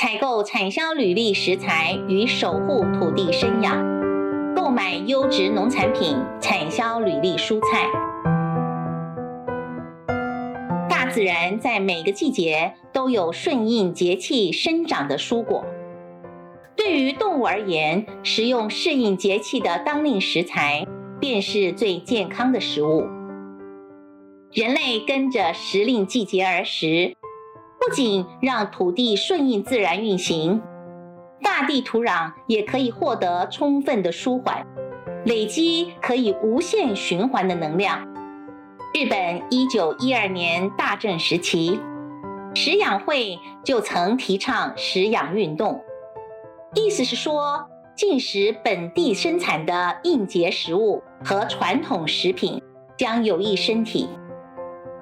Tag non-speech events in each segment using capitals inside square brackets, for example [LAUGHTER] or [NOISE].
採購產銷履歷食材與守護土地生養，購買優質農產品產銷履歷蔬、蔬菜。大自然在每個季節都有順應節氣生長的蔬果，對於動物而言，食用適應節氣的當令食材，便是最健康的食物。人類跟着時令季節而食。不僅讓土地順應自然運行，大地土壤也可以獲得充分的舒緩，累積可以無限循環的能量。日本一九一二年大正時期，食養會就曾提倡食養運動，意思是說，進食本地生產的應節食物和傳統食品將有益身體。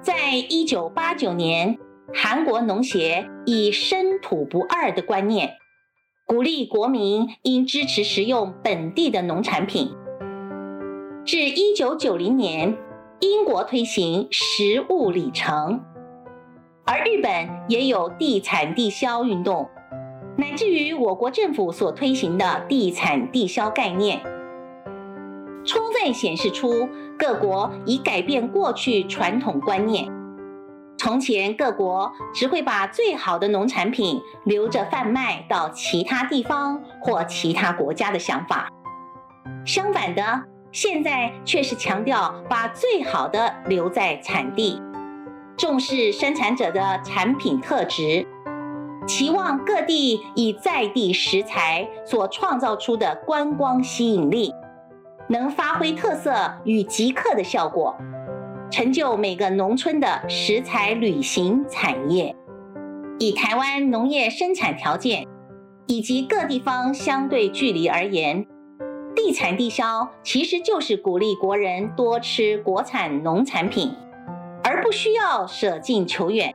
在一九八九年，韓國農協以“身土不二”的觀念，鼓勵國民應支持食用本地的農產品。至1990年，英國推行食物里程，而日本也有地產地消運動，乃至於我國政府所推行的地產地消概念，充分顯示出各國已改變過去傳統觀念。從前，各國只會把最好的農產品留着販賣到其他地方或其他國家的想法。相反的，現在卻是強調把最好的留在產地，重視生產者的產品特質，期望各地以在地食材所創造出的觀光吸引力，能發揮特色與集客的效果。成就每個農村的食材旅行產業。以台灣農業生産條件以及各地方相對距離而言，地產地消其實就是鼓勵國人多吃國產農產品，而不需要捨近求遠，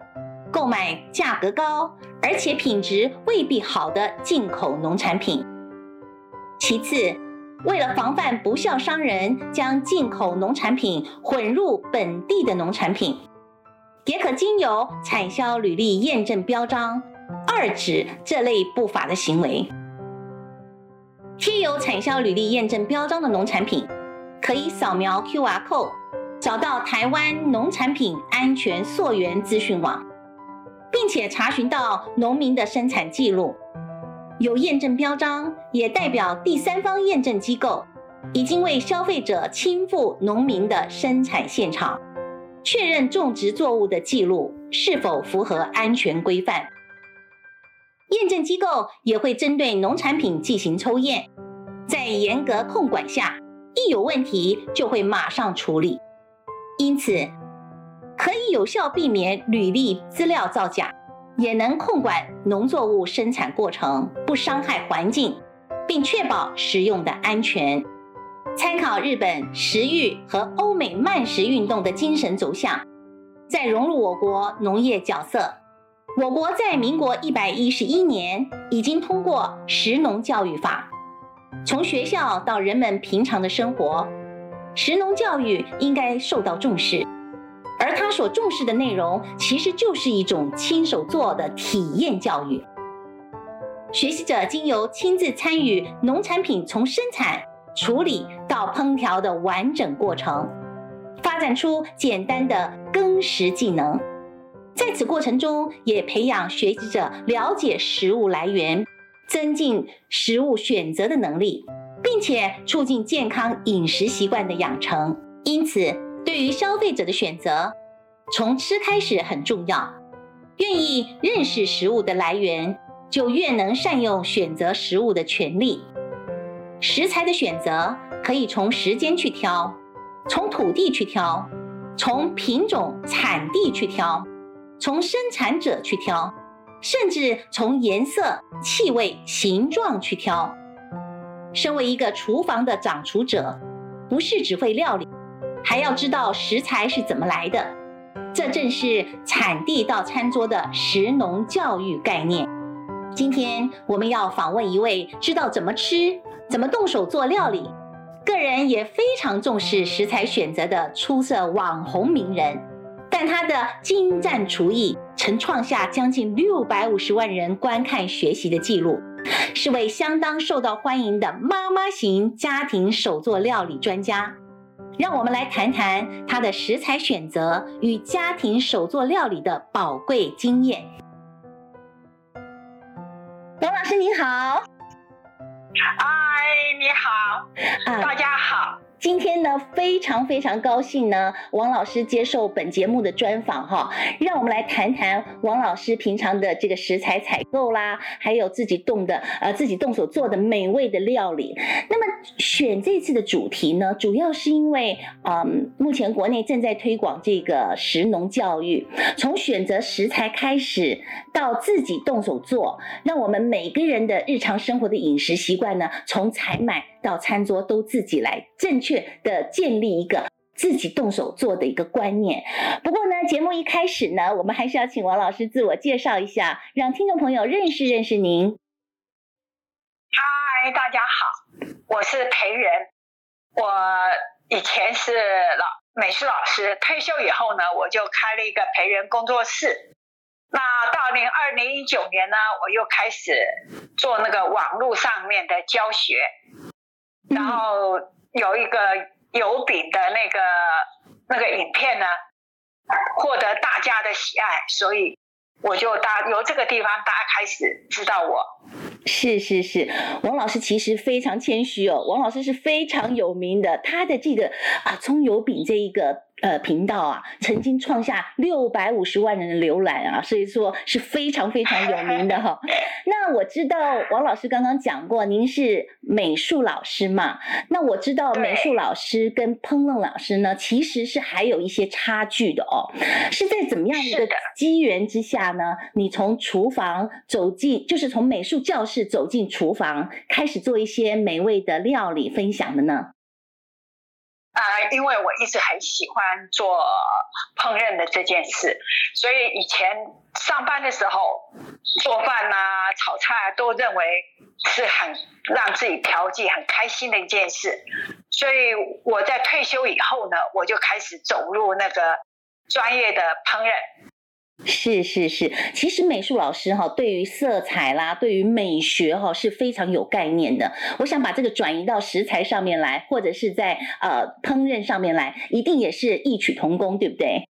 購買價格高而且品質未必好的進口農產品。其次。為了防範不肖商人將進口農產品混入本地的農產品，也可經由產銷履歷驗證標章扼止這類不法的行為。貼有產銷履歷驗證標章的農產品，可以掃描 QR code，找到台灣農產品安全溯源資訊網，並且查詢到農民的生產記錄。有驗證標章，也代表第三方驗證機構已經為消費者親赴農民的生產現場，確認種植作物的記錄是否符合安全規範。驗證機構也會針對農產品進行抽驗，在嚴格控管下，一有問題就會馬上處理，因此可以有效避免履歷資料造假。也能控管農作物生產過程，不傷害環境，並確保食用的安全。參考日本食育和歐美慢食運動的精神走向，再融入我國農業角色。我國在民國一百一十一年已經通過《食農教育法》，從學校到人們平常的生活，食農教育應該受到重視。而他所重視的內容，其實就是一種親手做的體驗教育。學習者經由親自參與農產品從生產、處理到烹調的完整過程，發展出簡單的耕食技能。在此過程中，也培養學習者了解食物來源，增進食物選擇的能力，並且促進健康飲食習慣的養成。因此，對於消費者的選擇，從吃開始很重要。願意認識食物的來源，就越能善用選擇食物的權利。食材的選擇可以從時間去挑，從土地去挑，從品種產地去挑，從生產者去挑，甚至從顏色、氣味、形狀去挑。身為一個廚房的掌廚者，不是只會料理。還要知道食材是怎麼來的，這正是產地到餐桌的食農教育概念。今天我們要訪問一位知道怎麼吃、怎麼動手做料理，個人也非常重視食材選擇的出色網紅名人。但他的精湛廚藝曾創下將近六百五十萬人觀看學習的記錄，是位相當受到歡迎的媽媽型家庭手作料理專家。讓我們來談談他的食材選擇與家庭手作料理的寶貴經驗。董老師您好。嗨，你好，uh, 大家好。今天呢，非常非常高興呢，王老師接受本節目的專訪哈，讓我們來談談王老師平常的這個食材採購啦，還有自己動的，呃，自己動手做的美味的料理。那麼選這次的主題呢，主要是因為，嗯，目前國內正在推廣這個食農教育，從選擇食材開始，到自己動手做，讓我們每個人的日常生活的飲食習慣呢，從採買。到餐桌都自己來，正確的建立，一個自己動手做的一個觀念。不過呢，節目一開始呢，我們還是要請王老師自我介紹一下，讓聽眾朋友認識認識您。嗨，大家好，我是培人。我以前是老美術老師，退休以後呢，我就開了一個培人工作室。那到二零一九年呢，我又開始做那個網絡上面的教學。嗯、然後有一個油餅的那個那個影片呢，獲得大家的喜愛，所以我就大由這個地方，大家開始知道我是是是。王老師其實非常謙虛哦，王老師是非常有名的，他的這個啊蔥油餅這一個。呃，頻道啊，曾經創下六百五十萬人的瀏覽啊，所以說是非常非常有名的哈、哦。那我知道王老師剛剛講過，您是美術老師嘛？那我知道美術老師跟烹飪老師呢，其實是還有一些差距的哦。是在怎麼樣一個機緣之下呢？的你從廚房走進，就是從美術教室走進廚房，開始做一些美味的料理分享的呢？啊、呃，因為我一直很喜歡做烹飪的這件事，所以以前上班的時候做飯啊、炒菜啊，都認為是很讓自己調劑、很開心的一件事。所以我在退休以後呢，我就開始走入那個專業的烹飪。是是是，其實美術老師哈，對於色彩啦，對於美學哈，是非常有概念的。我想把這個轉移到食材上面來，或者是在呃烹飪上面來，一定也是異曲同工，對不對？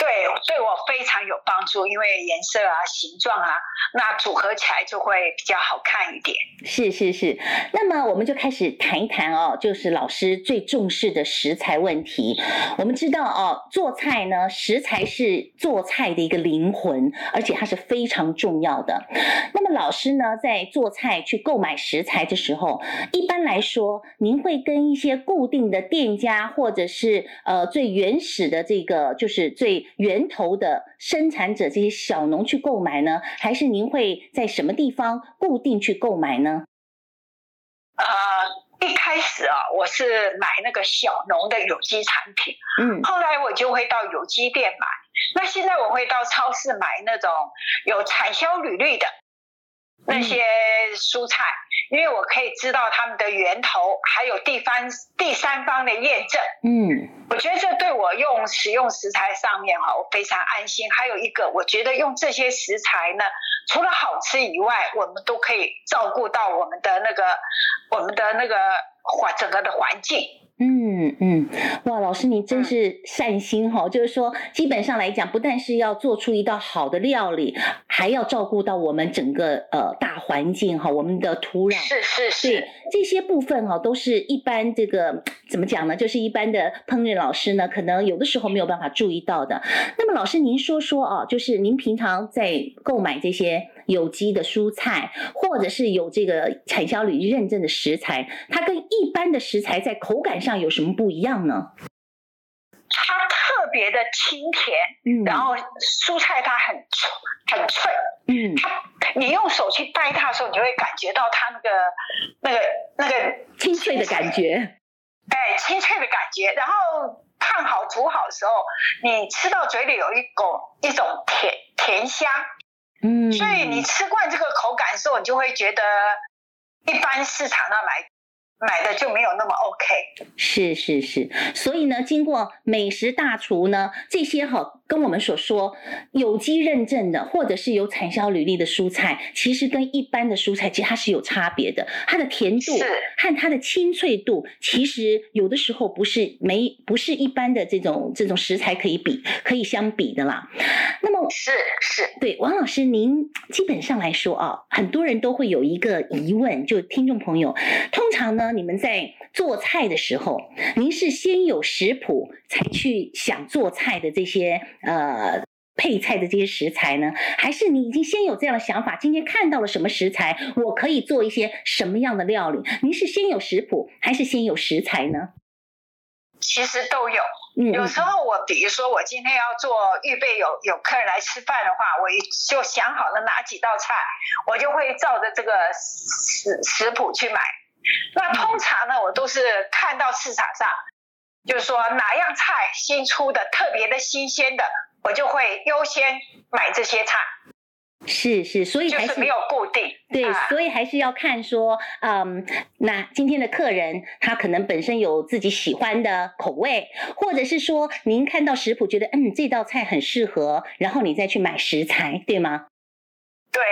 對，對我非常有幫助，因為顏色啊、形狀啊，那組合起來就會比較好看一點。是是是，那麼我們就開始談一談哦，就是老師最重視的食材問題。我們知道哦，做菜呢，食材是做菜的一個靈魂，而且它是非常重要的。那麼老師呢，在做菜去購買食材的時候，一般來說，您會跟一些固定的店家，或者是呃，最原始的這個，就是最源頭的生產者，這些小農去購買呢？還是您會在什麼地方固定去購買呢？呃，一開始啊，我是買那個小農的有機產品，嗯，後來我就會到有機店買，那現在我會到超市買那種有產銷履歷的。那些蔬菜，嗯、因為我可以知道他們的源頭，還有地方第三方的驗證。嗯，我覺得這對我用使用食材上面哈，我非常安心。還有一個，我覺得用這些食材呢，除了好吃以外，我們都可以照顧到我們的那個我們的那個環整個的環境。嗯嗯，哇，老師您真是善心哈！嗯、就是說，基本上來講，不但是要做出一道好的料理，還要照顧到我們整個呃大環境哈，我們的土壤是是是，這些部分哈，都是一般這個怎麼講呢？就是一般的烹飪老師呢，可能有的時候沒有辦法注意到的。那麼，老師您說說哦，就是您平常在購買這些。有機的蔬菜，或者是有這個產銷履歷認證的食材，它跟一般的食材在口感上有什麼不一樣呢？它特別的清甜，嗯，然後蔬菜它很很脆，嗯它，你用手去掰它的時候，你會感覺到它那個那個那個清脆、清脆的感覺，哎，清脆的感覺。然後燙好煮好的時候，你吃到嘴裡有一股一種甜甜香。 [NOISE] 所以你吃慣這個口感的時候，你就會覺得一般市場上買買的就沒有那麼 OK，是是是，所以呢，經過美食大廚呢這些哈、哦、跟我們所說有機認證的，或者是有產銷履歷的蔬菜，其實跟一般的蔬菜其實它是有差別的，它的甜度和它的清脆度，是其實有的時候不是沒不是一般的這種這種食材可以比可以相比的啦。那麼是是對王老師，您基本上來說啊，很多人都會有一個疑問，就聽眾朋友，通常呢。你們在做菜的時候，您是先有食譜才去想做菜的這些呃配菜的這些食材呢，還是你已經先有這樣的想法？今天看到了什麼食材，我可以做一些什麼樣的料理？您是先有食譜還是先有食材呢？其實都有，嗯，有時候我比如說我今天要做，預備有有客人來吃飯的話，我就想好了哪幾道菜，我就會照着這個食食譜去買。那通常呢，我都是看到市場上，就是說哪樣菜新出的特別的新鮮的，我就會優先買這些菜。是是，所以是就是沒有固定。對，啊，所以還是要看說，嗯，那今天的客人他可能本身有自己喜歡的口味，或者是說您看到食譜覺得，嗯，這道菜很適合，然後你再去買食材，對嗎？對，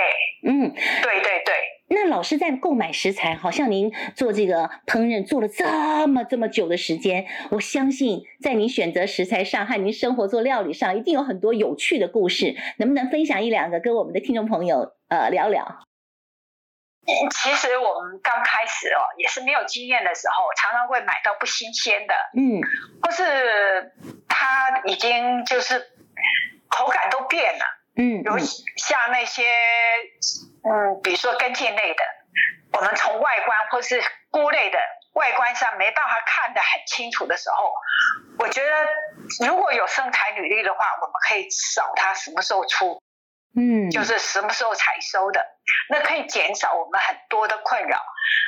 嗯，對對對。那老師在購買食材，好像您做這個烹飪做了這麼這麼久的時間，我相信在您選擇食材上和您生活做料理上，一定有很多有趣的故事，能不能分享一兩個跟我們的聽眾朋友呃聊聊？其實我們剛開始哦，也是沒有經驗的時候，常常會買到不新鮮的，嗯，或是它已經就是口感都變了。嗯，如像那些，嗯，嗯，比如說根莖類的，我們從外觀或是菇類的外觀上沒辦法看得很清楚的時候，我覺得如果有生產履歷的話，我們可以找它什麼時候出，嗯，就是什麼時候採收的，那可以減少我們很多的困擾。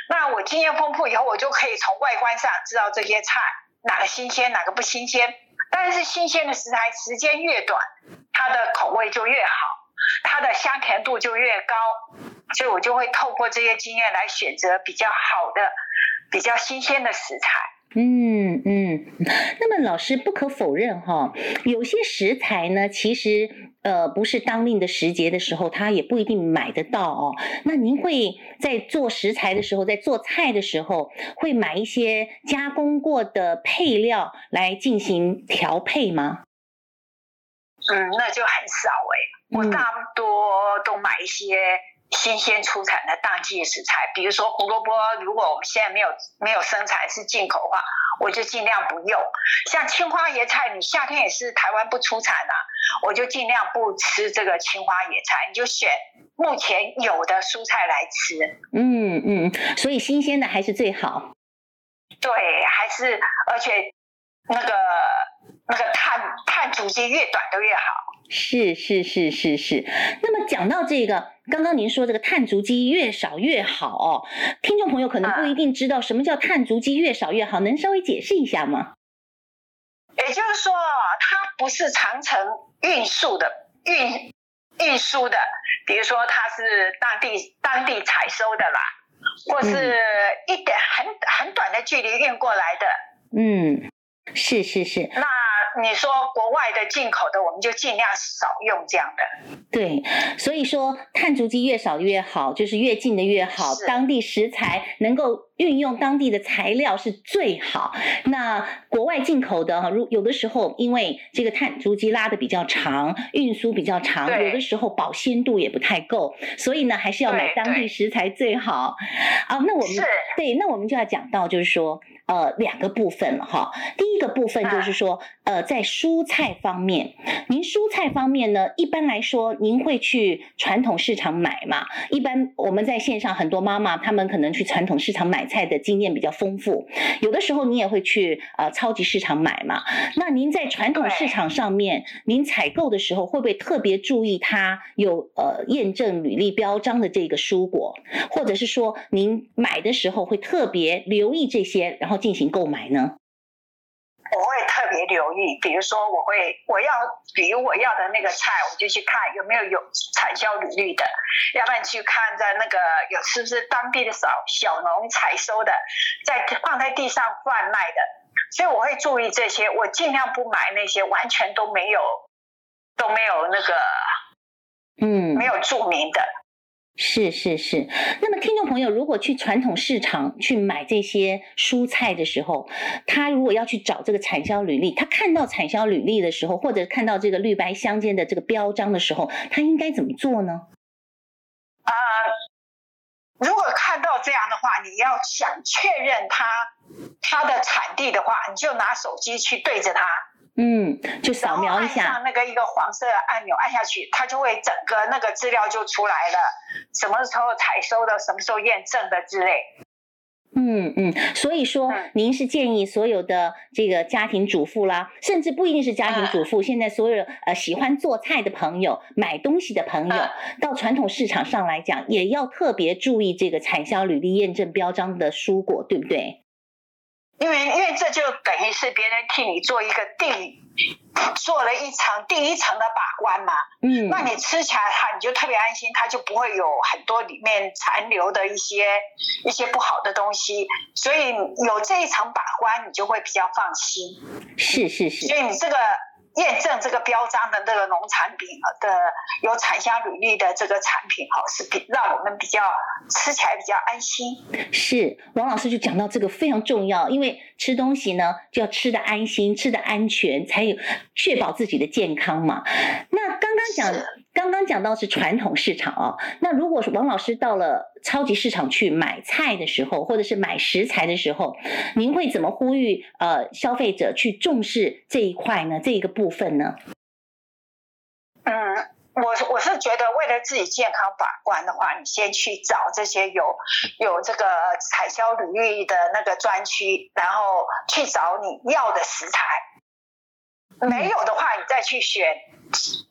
那我經驗豐富以後，我就可以從外觀上知道這些菜哪個新鮮，哪個不新鮮。但是新鮮的食材，時間越短，它的口味就越好，它的香甜度就越高，所以我就會透過這些經驗來選擇比較好的、比較新鮮的食材。嗯嗯，那麼老師不可否認哈、哦，有些食材呢，其實呃不是當令的時節的時候，它也不一定買得到哦。那您會在做食材的時候，在做菜的時候，會買一些加工過的配料來進行調配嗎？嗯，那就很少誒、欸，我大多都買一些。新鮮出產的當季食材，比如說胡蘿蔔，如果我們現在沒有沒有生產是進口的話，我就盡量不用。像青花椰菜，你夏天也是台灣不出產吶、啊，我就盡量不吃這個青花椰菜，你就選目前有的蔬菜來吃。嗯嗯，所以新鮮的還是最好。對，還是而且那個那個碳碳足跡越短都越好。是是是是是。那麼講到這個。剛剛您說這個碳足跡越少越好哦，聽眾朋友可能不一定知道什麼叫碳足跡越少越好，嗯、能稍微解釋一下嗎？也就是說，它不是長程運輸的運運輸的，比如說它是當地當地採收的啦，或是一點很、嗯、很短的距離運過來的。嗯，是是是。那。你說國外的進口的，我們就儘量少用這樣的。對，所以說碳足迹越少越好，就是越近的越好，是當地食材能夠。運用當地的材料，是最好。那國外進口的，哈，如有的時候，因為這個碳足跡拉的比較長，運輸比較長，對有的時候保鮮度也不太夠，所以呢，還是要買當地食材最好。對對啊，那我們是對，那我們就要講到，就是說，呃，兩個部分了哈。第一個部分就是說，啊、呃，在蔬菜方面，您蔬菜方面呢，一般來說，您會去傳統市場買嘛？一般我們在線上很多媽媽，她們可能去傳統市場買。菜的經驗比較豐富，有的時候你也會去呃超級市場買嘛。那您在傳統市場上面，您採購的時候會不會特別注意它有呃驗證履歷標章的這個蔬果，或者是說您買的時候會特別留意這些，然後進行購買呢？我會特別留意，比如說，我會我要，比如我要的那個菜，我就去看有沒有有產銷履歷的，要不然去看在那個有是不是當地的小小農採收的，在放在地上販賣的，所以我會注意這些，我盡量不買那些完全都沒有都沒有那個，嗯，沒有注明的。嗯是是是，那麼聽眾朋友，如果去傳統市場去買這些蔬菜的時候，他如果要去找這個產銷履歷，他看到產銷履歷的時候，或者看到這個綠白相間的這個標章的時候，他應該怎麼做呢？啊、呃，如果看到這樣的話，你要想確認它它的產地的話，你就拿手機去對着它。嗯，就掃描一下。然後按上那個一個黃色的按鈕，按下去，它就會整個那個資料就出來了。什麼時候採收的，什麼時候驗證的之類。嗯嗯，所以說，嗯、您是建議所有的這個家庭主婦啦，甚至不一定是家庭主婦，嗯、現在所有呃喜歡做菜的朋友、買東西的朋友，嗯、到傳統市場上來講，也要特別注意這個產銷履歷驗證標章的蔬果，對不對？因為，因為這就等於是別人替你做一個定，做了一層第一層的把關嘛。嗯，那你吃起來的話，你就特別安心，它就不會有很多裡面殘留的一些一些不好的東西。所以有這一層把關，你就會比較放心。是是是。所以你這個。驗證這個標章的那個農產品的有產銷履歷的這個產品哈，是比讓我們比較吃起來比較安心。是，王老師就講到這個非常重要，因為吃東西呢就要吃得安心、吃得安全，才有確保自己的健康嘛。那剛剛講。剛剛講到是傳統市場啊，那如果王老師到了超級市場去買菜的時候，或者是買食材的時候，您會怎麼呼籲呃消費者去重視這一塊呢？這一個部分呢？嗯，我是我是覺得為了自己健康把關的話，你先去找這些有有這個產銷履歷的那個專區，然後去找你要的食材。沒有的話，你再去選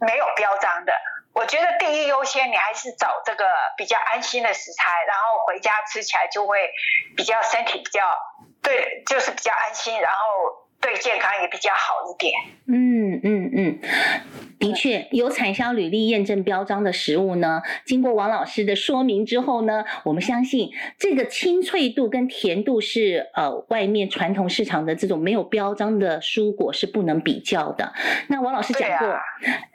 沒有標章的。我覺得第一優先，你還是找這個比較安心的食材，然後回家吃起來就會比較身體比較對，就是比較安心，然後對健康也比較好一點。嗯嗯嗯。嗯嗯的確，有產銷履歷驗證標章的食物呢，經過王老師的說明之後呢，我們相信這個清脆度跟甜度是呃，外面傳統市場的這種沒有標章的蔬果是不能比較的。那王老師講過，啊、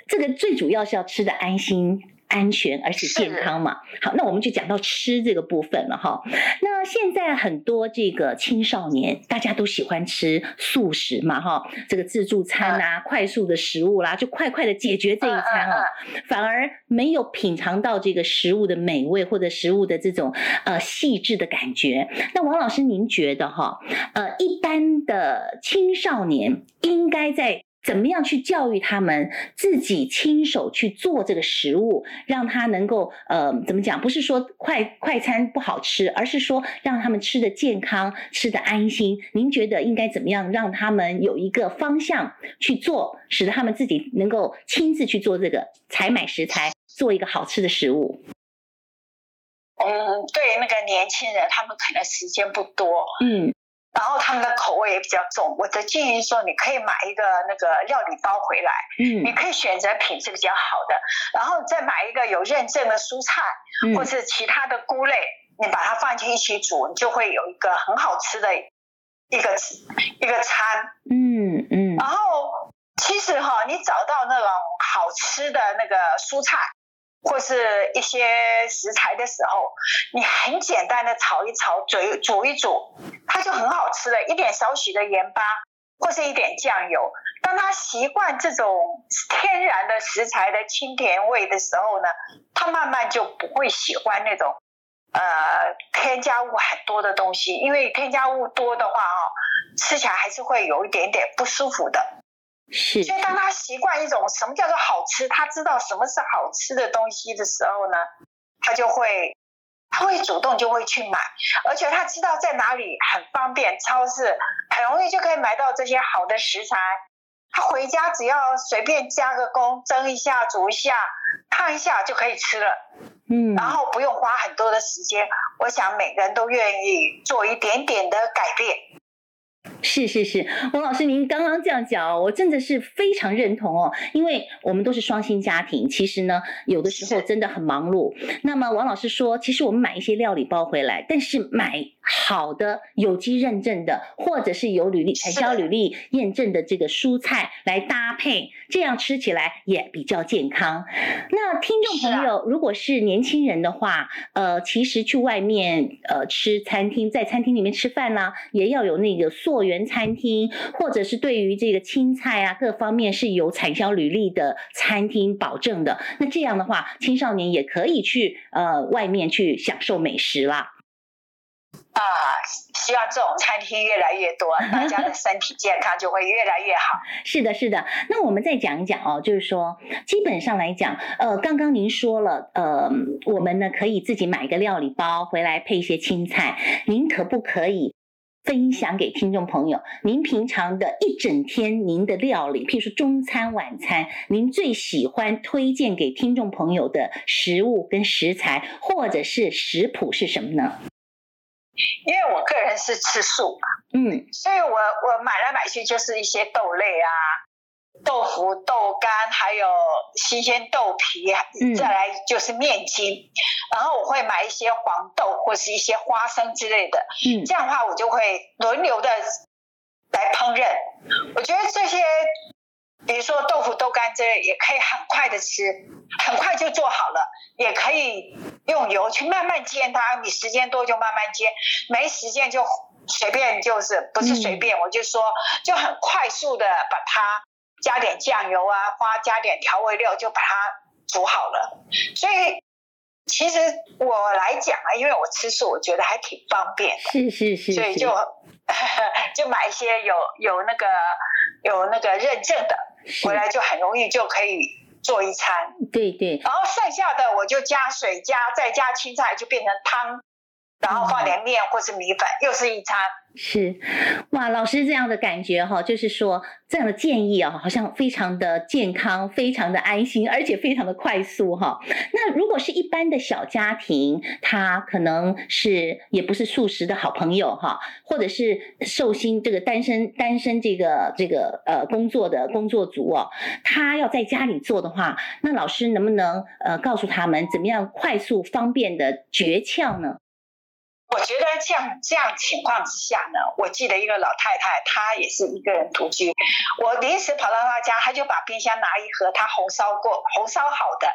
這個最主要是要吃得安心。安全而且健康嘛？是好，那我們就講到吃這個部分了哈。那現在很多這個青少年，大家都喜歡吃速食嘛哈，這個自助餐啊，uh, 快速的食物啦，就快快的解決這一餐啊，uh, uh, uh, 反而沒有品嘗到這個食物的美味或者食物的這種呃細緻的感覺。那王老師，您覺得哈？呃，一般的青少年應該在怎麼樣去教育他們自己親手去做這個食物，讓他能夠呃怎麼講？不是說快快餐不好吃，而是說讓他們吃得健康、吃得安心。您覺得應該怎麼樣讓他們有一個方向去做，使得他們自己能夠親自去做這個採買食材，做一個好吃的食物？嗯，對於那個年輕人他們可能時間不多。嗯。然後他們的口味也比較重，我的建議說，你可以買一個那個料理包回來，嗯，你可以選擇品質比較好的，然後再買一個有認證的蔬菜，嗯，或是其他的菇類，你把它放進一起煮，你就會有一個很好吃的，一個一個餐，嗯嗯。嗯，然後其實哈，你找到那種好吃的那個蔬菜，或是一些食材的時候，你很簡單的炒一炒，煮煮一煮，它就很好吃的。一點少許的鹽巴，或是一點醬油。當他習慣這種天然的食材的清甜味的時候呢，他慢慢就不會喜歡那種，呃，添加物很多的東西。因為添加物多的話啊、哦，吃起來還是會有一點點不舒服的。是，所以當他習慣一種什麼叫做好吃，他知道什麼是好吃的東西的時候呢，他就會，他會主動就會去買，而且他知道在哪裡很方便，超市很容易就可以買到這些好的食材，他回家只要隨便加個工，蒸一下、煮一下、燙一下就可以吃了，嗯，然後不用花很多的時間，我想每個人都願意做一點點的改變。是是是，王老師，您剛剛這樣講，我真的是非常認同哦。因為我們都是雙薪家庭，其實呢，有的時候真的很忙碌。是那麼王老師說，其實我們買一些料理包回來，但是買。好的有機認證的，或者是有履歷產銷履歷驗證的這個蔬菜來搭配，這樣吃起來也比較健康。那聽眾朋友，啊、如果是年輕人的話，呃，其實去外面呃吃餐廳，在餐廳裡面吃飯呢，也要有那個溯源餐廳，或者是對於這個青菜啊，各方面是有產銷履歷的餐廳保證的。那這樣的話，青少年也可以去呃外面去享受美食了。啊，希望這種餐廳越來越多，大家的身體健康就會越來越好。 [LAUGHS] 是的，是的。那我們再講一講哦，就是說，基本上來講，呃，剛剛您說了，呃，我們呢可以自己買一個料理包回來配一些青菜。您可不可以分享給聽眾朋友，您平常的一整天您的料理，譬如說中餐、晚餐，您最喜歡推薦給聽眾朋友的食物跟食材，或者是食譜是什麼呢？因為我個人是吃素嘛，嗯，所以我我買來買去就是一些豆類啊，豆腐、豆乾，還有新鮮豆皮，再來就是麵筋，嗯，然後我會買一些黃豆或是一些花生之類的，嗯，這樣的話我就會輪流的來烹飪，我覺得這些。比如說豆腐、豆乾之類，也可以很快的吃，很快就做好了。也可以用油去慢慢煎它，你時間多就慢慢煎，沒時間就隨便就是，不是隨便，嗯、我就說就很快速的把它加點醬油啊，嗯、花，加點調味料就把它煮好了。所以其實我來講啊，因為我吃素，我覺得還挺方便的。是，是，是，是，所以就，是是是 [LAUGHS] 就買一些有有那個。有那個認證的，回來就很容易就可以做一餐。對對。然後剩下的我就加水加，再加青菜，就變成湯。然後放點麵或是米粉，嗯、又是一餐。是，哇，老師這樣的感覺哈、哦，就是說這樣的建議啊、哦，好像非常的健康，非常的安心，而且非常的快速哈、哦。那如果是一般的小家庭，他可能是也不是素食的好朋友哈、哦，或者是壽星這個單身單身這個這個呃工作的工作族哦，他要在家裡做的話，那老師能不能呃告訴他們怎麼樣快速方便的訣竅呢？我覺得像這樣情況之下呢，我記得一個老太太，她也是一個人獨居。我臨時跑到她家，她就把冰箱拿一盒，她紅燒過紅燒好的，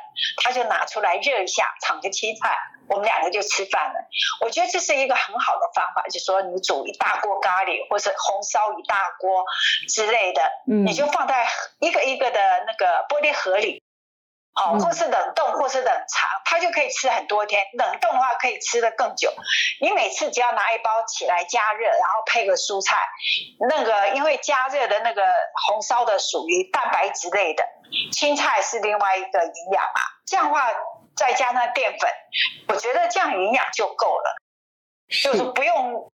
她就拿出來熱一下，炒個青菜，我們兩個就吃飯了。我覺得這是一個很好的方法，就是說你煮一大鍋咖喱或者紅燒一大鍋之類的，你就放在一個一個的那個玻璃盒裡。哦，或是冷凍，或是冷藏，它就可以吃很多天。冷凍的話可以吃得更久。你每次只要拿一包起來加熱，然後配個蔬菜。那個因為加熱的那個紅燒的屬於蛋白質類的，青菜是另外一個營養嘛。這樣的話再加上澱粉，我覺得這樣營養就夠了，是就是不用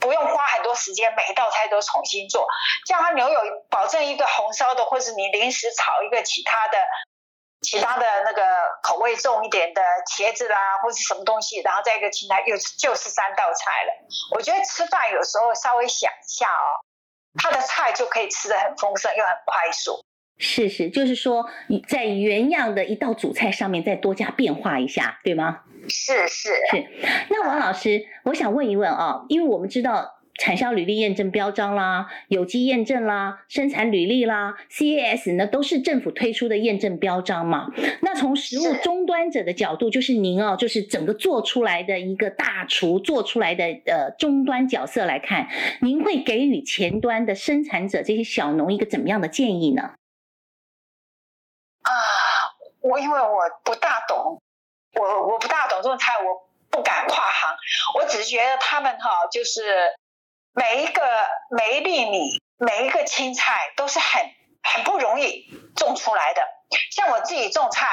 不用花很多時間每一道菜都重新做。這樣你有保證一個紅燒的，或是你臨時炒一個其他的。其他的那個口味重一點的茄子啦、啊，或是什麼東西，然後再一個青菜，又是就是三道菜了。我覺得吃飯有時候稍微想一下哦，他的菜就可以吃得很豐盛又很快速。是是，就是說你在原樣的一道主菜上面再多加變化一下，對嗎？是是是。那王老師，我想問一問哦、啊，因為我們知道。產銷履歷驗證標章啦，有機驗證啦，生產履歷啦，CAS 呢，都是政府推出的驗證標章嘛。那從食物終端者的角度，是就是您哦，就是整個做出來的一個大廚做出來的呃終端角色來看，您會給予前端的生產者這些小農一個怎麼樣的建議呢？啊，我因為我不大懂，我我不大懂這種菜，我不敢跨行。我只是覺得他們哈、啊，就是。每一個每一粒米，每一個青菜都是很很不容易種出來的。像我自己種菜，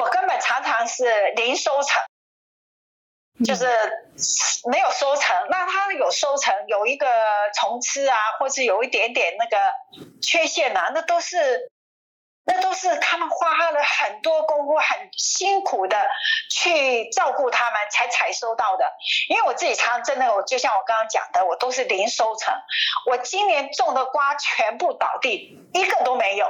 我根本常常是零收成，就是沒有收成。那它有收成，有一個蟲吃啊，或者是有一點點那個缺陷吶、啊，那都是。那都是他們花了很多功夫，很辛苦的去照顧他們才採收到的。因為我自己常常真的，我就像我剛剛講的，我都是零收成。我今年種的瓜全部倒地，一個都沒有。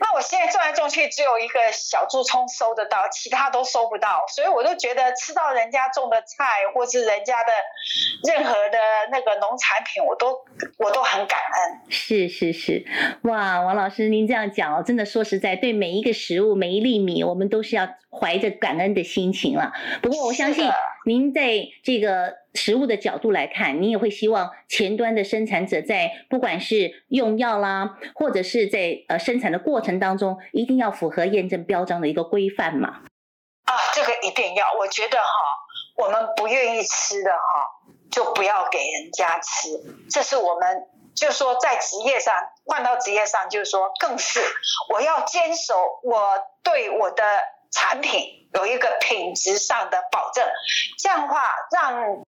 那我現在種來種去，只有一個小珠蔥收得到，其他都收不到，所以我都覺得吃到人家種的菜，或是人家的任何的那個農產品，我都我都很感恩。是是是，哇，王老師您這樣講哦，真的說實在，對每一個食物，每一粒米，我們都是要懷着感恩的心情了。不過我相信您在這個。食物的角度來看，你也會希望前端的生產者在不管是用藥啦，或者是在呃生產的過程當中，一定要符合驗證標章的一個規範嘛？啊，這個一定要。我覺得哈，我們不願意吃的哈，就不要給人家吃。這是我們，就是說在職業上，換到職業上就是說更是，我要堅守我對我的產品有一個品質上的保證，這樣的話讓。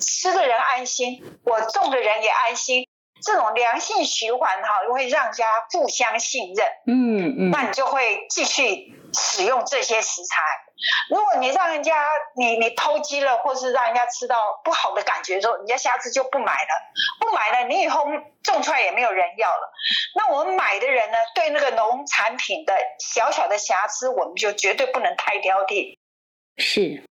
吃的人安心，我種的人也安心，這種良性循環哈、啊，會讓人家互相信任。嗯嗯，嗯，那你就會繼續使用這些食材。如果你讓人家你你偷雞了，或是讓人家吃到不好的感覺之後，人家下次就不買了，不買了，你以後種出來也沒有人要了。那我們買的人呢，對那個農產品的小小的瑕疵，我們就絕對不能太挑剔。是。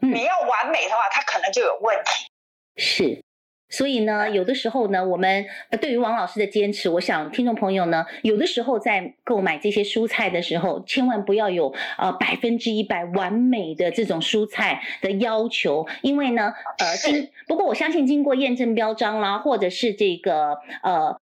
你要完美的話，它、嗯、可能就有問題。是，所以呢，有的時候呢，我們、呃、對於王老師的堅持，我想聽眾朋友呢，有的時候在購買這些蔬菜的時候，千萬不要有呃百分之一百完美的這種蔬菜的要求，因為呢，呃，經是不過我相信經過驗證標章啦，或者是這個呃。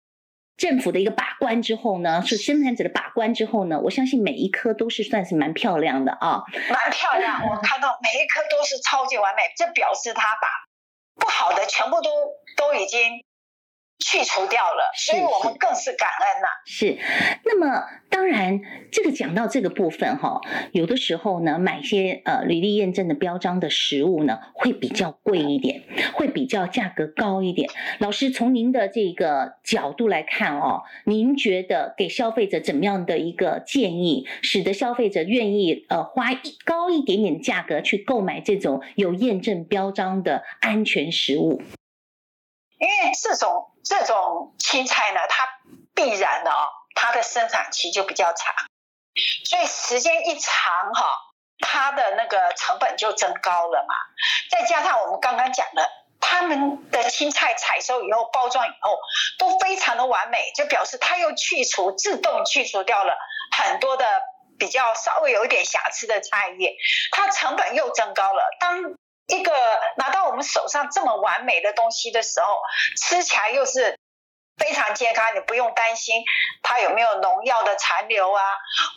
政府的一個把關之後呢，是生產者的把關之後呢，我相信每一顆都是算是蠻漂亮的啊，蠻漂亮， [LAUGHS] 我看到每一顆都是超級完美，這表示他把不好的全部都都已經。去除掉了，所以我們更是感恩吶、啊。是，那麼當然，這個講到這個部分哈、哦，有的時候呢，買一些呃履歷驗證的標章的食物呢，會比較貴一點，會比較價格高一點。老師從您的這個角度來看哦，您覺得給消費者怎麼樣的一個建議，使得消費者願意呃花一高一點點價格去購買這種有驗證標章的安全食物？因為這種這種青菜呢，它必然的哦，它的生產期就比較長，所以時間一長哈、哦，它的那個成本就增高了嘛。再加上我們剛剛講的，他們的青菜採收以後、包裝以後都非常的完美，就表示它又去除自動去除掉了很多的比較稍微有一點瑕疵的菜葉，它成本又增高了。當一個拿到我們手上這麼完美的東西的時候，吃起來又是非常健康，你不用擔心它有沒有農藥的殘留啊，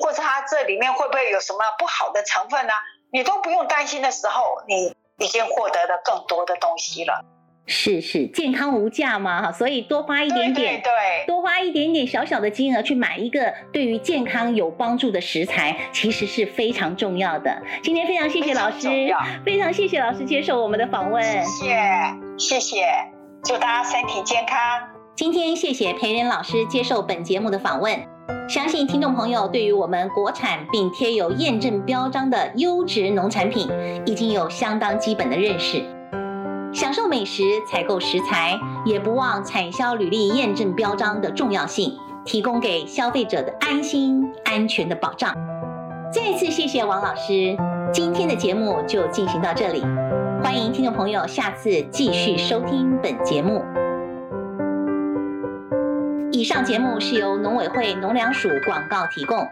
或者它這裡面會不會有什麼不好的成分呢啊？你都不用擔心的時候，你已經獲得了更多的東西了。是是，健康無價嘛哈，所以多花一點點，對、對、對，多花一點點小小的金額去買一個對於健康有幫助的食材，其實是非常重要的。今天非常謝謝老師，非常、非常謝謝老師接受我們的訪問。謝謝，謝謝，祝大家身體健康。今天謝謝裴仁老師接受本節目的訪問。相信聽眾朋友對於我們國產並貼有驗證標章的優質農產品，已經有相當基本的認識。美食採購食材，也不忘產銷履歷驗證標章的重要性，提供給消費者的安心、安全的保障。再次謝謝王老師，今天的節目就進行到這裡，歡迎聽眾朋友下次繼續收聽本節目。以上節目是由農委會農糧署廣告提供。